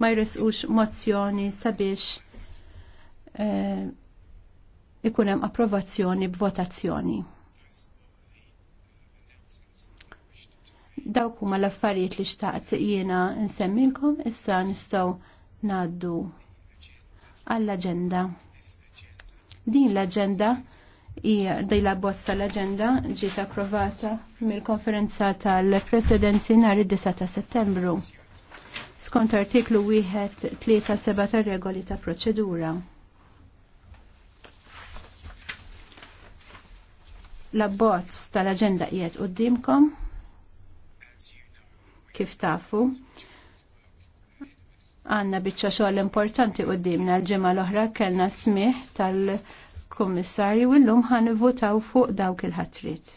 ma jresqux mozzjoni sabiex eh, ikun hemm approvazzjoni b'votazzjoni. Dawk huma l-affarijiet li xtaqt jiena nsemmilkom issa nistgħu ngħaddu għall-aġenda. Din l-aġenda hija dejla bozza l-aġenda ġiet approvata mill-konferenza tal-Presidenzi nhar id-9 ta' Settembru skont artiklu 1.3.7 ta' regoli ta' proċedura. L-abbozz tal-agenda qiegħed dimkom, kif tafu. Għanna bieċa xogħol importanti dimna l-ġimgħa l-oħra kellna smih tal-Kummissarju illum votaw fuq dawk il-ħatrit.